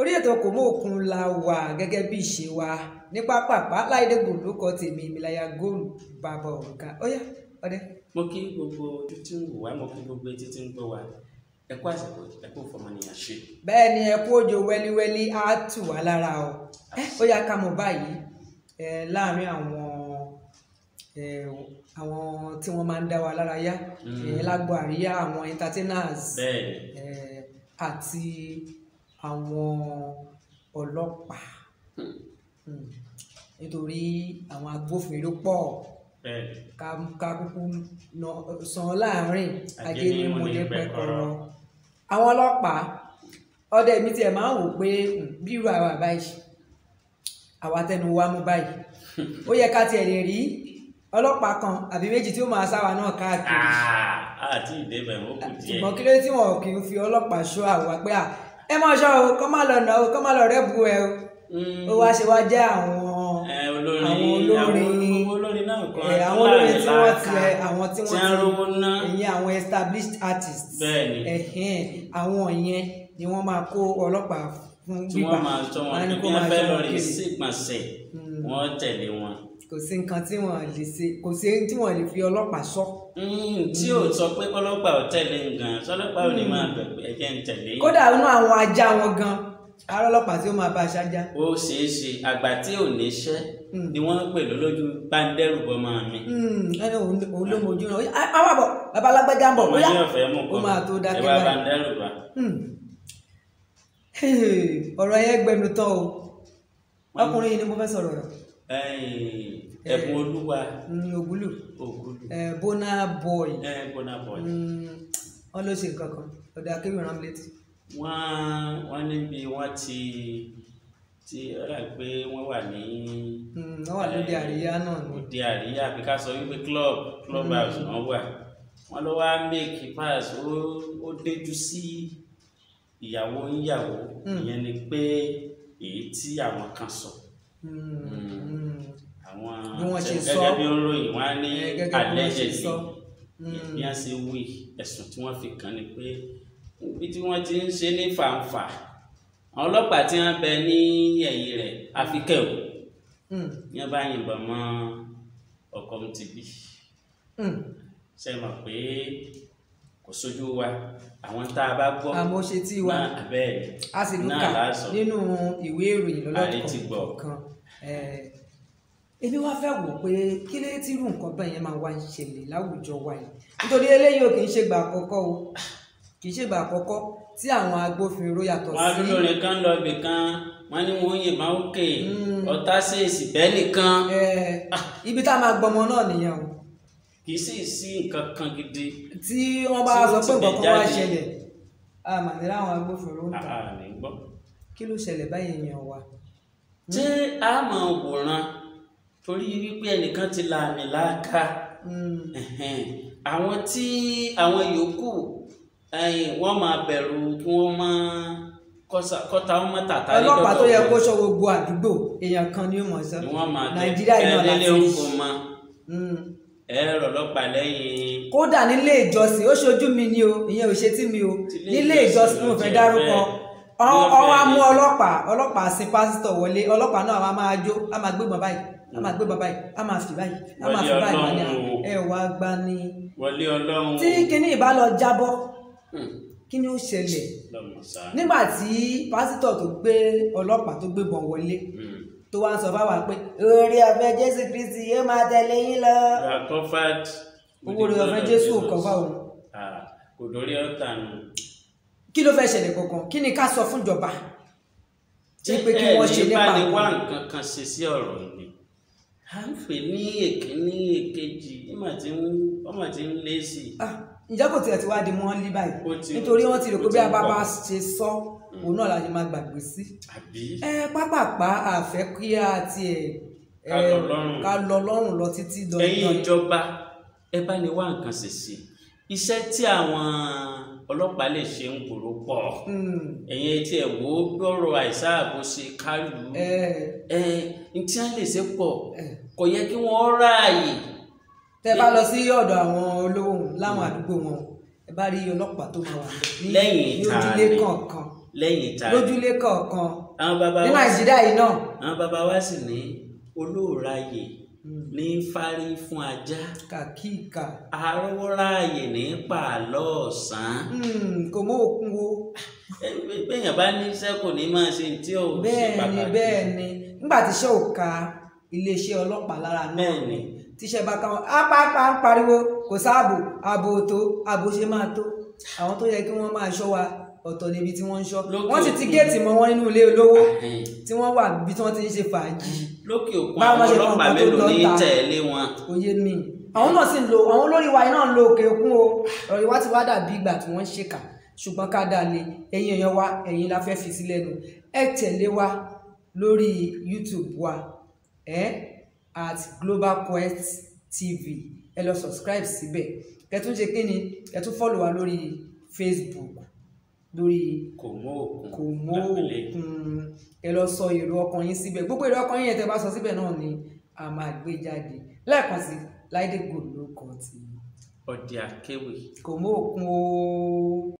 orí ètò kò mú òkun la wà gẹ́gẹ́ bí ìṣe wa ní pápápá láìdé gòló kọ tèmi ìmìláyà góòlù bàbá òrùka ó yá ọdẹ. mo kí gbogbo ojú tí ń wò wá mo kí gbogbo etí tí ń gbọ́ wá ẹ kú àsìkò ẹ kú fọmọnìyàn ṣe. bẹ́ẹ̀ ni ẹ kú òjò wẹ́líwẹ́lí á tù wá lára o ó yá ká mọ̀ báyìí láàárín àwọn àwọn tí wọ́n máa ń dá wa lára yá mm. lágbo àríyá àwọn entertainers àti àwọn ọlọ́pàá hmm. Hmm. nítorí àwọn agbófinró pọ̀ ká kúkú san láàrin agénímọ̀lẹ́ pẹ̀kọ̀rọ̀ àwọn ọlọ́pàá ọdẹ mi tiẹ̀ máa ń wò pé hmm, bí irú àwa báyìí àwa tẹnu wa mú báyìí ó yẹ ká tiẹ̀ lè rí ọlọ́pàá kan àbí méjì tí ó máa sáwa náà káàkiri àti ah, ìdẹ́bẹ̀ mọ́kù díẹ̀ ṣùgbọ́n kí ló tí wọn kì í fi ọlọ́pàá ṣọ́ àwa pé à ẹ máa ṣọ́ o kọ́ máa lọ nà o kọ́ máa lọ rẹ́ bu ẹ o mm. ó wá ṣe wá jẹ́ àwọn àwọn olórin náà kan àwọn olórin tí wọ́n ti àwọn tí wọ́n ti ẹ̀yìn àwọn established artists ẹ̀hìn àwọn yẹn ni wọ́n máa kó ọlọ́pàá fún gbígbà tí wọ́n máa tọ́ wọn ní wọ́n fẹ́ lọ rí sígbọ̀nsẹ̀ mm. wọ́n wọn kò sí nǹkan tí wọ́n lè ṣe kò sí tí wọ́n lè fi ọlọ́pàá sọ. Hmm, tí ò sọ pé ọlọ́pàá ò tẹ̀lé nǹkan sọlọ́pàá ò ní máa hmm. bẹ̀rẹ̀ ẹ̀jẹ̀ ń tẹ̀lé. kódà inú àwọn ajá wọn gan ará ọlọ́pàá tí ó máa bá aṣá já. ó ṣeé ṣe àgbà tí ò níṣẹ́ hmm. ni wọ́n ń pè lólójú báńdẹ́rù bọ́ máa mi. ẹni òun ló mojú náà àwọn àbọ̀ babalágbájá ń bọ̀ bóyá ó máa tó dákẹ́ báyìí. ọ̀rọ̀ yẹn gbẹnu tán o ọkùnrin yìí ni mo fẹ́ sọ̀rọ̀ rẹ̀ ẹ̀bùn olúwa mm, ògúlù bona boy bona boy wọ́n ló ṣe nǹkan kan ọ̀dọ̀ akéwì rán mi létí. wọ́n wọ́n níbi wọ́n ti ti ọ̀rẹ́ pé wọ́n wà ní. Mm, wọ́n wà lóde eh, àríyá náà ni. lóde àríyá àbí ká sọ wípé club club mm. house náà wà wọ́n lọ wá make pass ó déjú sí ìyàwó níyàwó ìyẹn ni pé èyí tí àwọn kan sọ bí wọ́n ṣe sọ gẹ́gẹ́ bí ó ròyìn wọ́n á ní allegedly bí wọ́n hmm. ṣe wí ẹ̀sùn tí wọ́n fi kàn ní pé ibi tí wọ́n ti ń ṣe ní fàǹfà àwọn ọlọ́pàá tí wọ́n bẹ ní ẹ̀yìn rẹ̀ àfikẹ́ o ní hmm. wọ́n bá yìnbọn mọ́ ọkọ̀ mi ti bí hmm. ṣe mọ̀ pé kò sójú wa àwọn tá a bá gbọ́ àmọ́ ṣe tí wa a sì lùkà nínú ìwé ìròyìn lọ́lọ́kọ̀ọ̀kan èmi wá fẹ́ wò pé kí lè tí irú nǹkan bẹ́ẹ̀ yẹn máa wá ṣẹlẹ̀ láwùjọ wa yìí nítorí eléyìí ò kì í ṣègbà àkọ́kọ́ o kì í ṣègbà àkọ́kọ́ tí àwọn agbófinró yàtọ̀ sí. wọn dúró nìkan lọ ibì kan wọn ní wọn yìnbọn òkè ọ̀tá sí èsì bẹ́ẹ̀ nìkan. ibi tá a máa gbọmọ náà nìyẹn o. kì í sì sí nǹkan kan gidi. tí wọn bá sọ pé nǹkan kan wá ṣẹlẹ̀ àmà ní láwọn agbófinró ń ta kí ló ṣẹlẹ̀ báyìí yẹn wa. ṣé a máa wòran torí wípé ẹnìkan ti la àmì láàka àwọn tí àwọn yòókù wọ́n máa bẹ̀rù kí wọ́n máa kọta wọn mọ tàtà ní dọdọ tó yẹ kó sọ gbogbo àdúgbò èèyàn kan ni ó mọ sọ nàìjíríà iná láti ṣe hmm. ẹ̀rọ ọlọ́pàá lẹ́yìn. kódà nílé ìjọsìn ó ṣojú mi ni o ìyẹn ò ṣe tí mi o nílé ìjọsìn mo fẹ́ dárúkọ ọwọ́ amú ọlọ́pàá ọlọ́pàá sí pásítọ̀ wọlé ọlọ́pàá náà a máa jó a máa gbébọn báyìí a máa gbé bàbá yìí a máa fi báyìí a máa fi báyìí wà ní ẹ wàá gba ni tí kinní ìbá lọ jábọ́ hmm. kí ni ó ṣẹlẹ̀ nígbà tí pásítọ̀ tó gbé ọlọ́pàá tó gbé bọn wọlé hmm. tó wá ń sọ fáwa pé oore ọ̀fẹ́ Jésù Kristi yóò máa tẹ̀lé yín lọ. owó oore ọ̀fẹ́ Jésù ò kọ́ fáwọn. kò dórí ọ̀tà nù. kí ló fẹ́ ṣẹlẹ̀ kankan kí ni ká sọ fún ìjọba. ṣé pé kí wọ́n wá nǹkan kan ṣe sí ọ̀rọ̀ yìí à ń pè ní èké ní èkejì nígbà tí ọmọ ti ń lé sí i. ǹjẹ́ kò tiẹ̀ ti wá di mọ́ ní báyìí nítorí wọ́n ti rò pé bí ababa ṣe sọ mm. òun náà la máa gbàgbé sí. pápápá àfẹ́ kí a tiẹ̀ ká lọ lọ́rùn lọ títí dọ́yìn. ẹ̀yin ìjọba ẹ bá ní wá nǹkan ṣe sí i iṣẹ́ tí àwọn ọlọ́pàá lè ṣe ń gbòòrò pọ̀ hmm. ẹ̀yin tí ẹ̀ wò ó gbọ́rọ̀ àìsàn ààbò ṣe kálù ẹ̀ ń tí wọ́n lè ṣe pọ̀ kò yẹ kí wọ́n ráàyè. tẹ bá lọ sí ọ̀dọ̀ àwọn olówó láwọn àdúgbò wọn ẹ bá rí ọlọ́pàá tó wà lẹ́yìn lójúlé kọ̀ọ̀kan lẹ́yìn ìta lójúlé kọ̀ọ̀kan ní nàìjíríà yìí náà. àwọn bàbá wa sì ní olóòráyè ní fárí fún ajá. kàkíkà. arọ́wọ́ráàyè ní pàlọ́ ọ̀sán. Hmm, kò mọ òkun wo. bẹ́ẹ̀yàn bá níṣẹ́ kò ní máa ṣe tí ò ṣe pàtàkì. bẹ́ẹ̀ni bẹ́ẹ̀ni nígbà tíṣẹ́ ò ka iléeṣẹ́ ọlọ́pàá lára náà. bẹ́ẹ̀ni tíṣẹ́ bá káwọn apáapá ń pariwo kò sáàbò ààbò tó ààbò ṣe máa tó àwọn tó yẹ kí wọ́n máa ṣọ́ wa ọ̀tọ̀ níbi tí wọ́n ń ṣọ́ wọ́n sì ti géètì mọ́ wọn nínú ilé olówó tí wọ́n wà bí tí wọ́n ti ń ṣe fàájì. lókè òkun àwọn ọlọ́pàá mélòó ní tẹ̀lé wọn. òye mi àwọn náà sì ń lo àwọn olórí wa náà ń lo òkè òkun o ọ̀rọ̀ ìwà ti wá dàbí ìgbà tí wọ́n ń ṣèkà ṣùgbọ́n ká dáa lé ẹ̀yin èèyàn wa ẹ̀yin la fẹ́ fi sílẹ̀ nù ẹ tẹ̀lé wa lórí YouTube wa ẹ at Global Quest TV ẹ lọ subscribe síbẹ̀ ẹ tún ṣe kí ni ẹ tún fọ́lọ̀ wa lórí Facebook lórí kò mọ òkun kò mọ òkun ẹ lọ sọ èrò ọkàn yín síbẹ̀ gbogbo èrò ọkàn yín yẹn tẹ bá sọ síbẹ̀ náà ni a máa gbé jáde lẹ́ẹ̀kan sí Láídé ló kọ ti. ọ̀dẹ̀ akéwì. kò òkun o.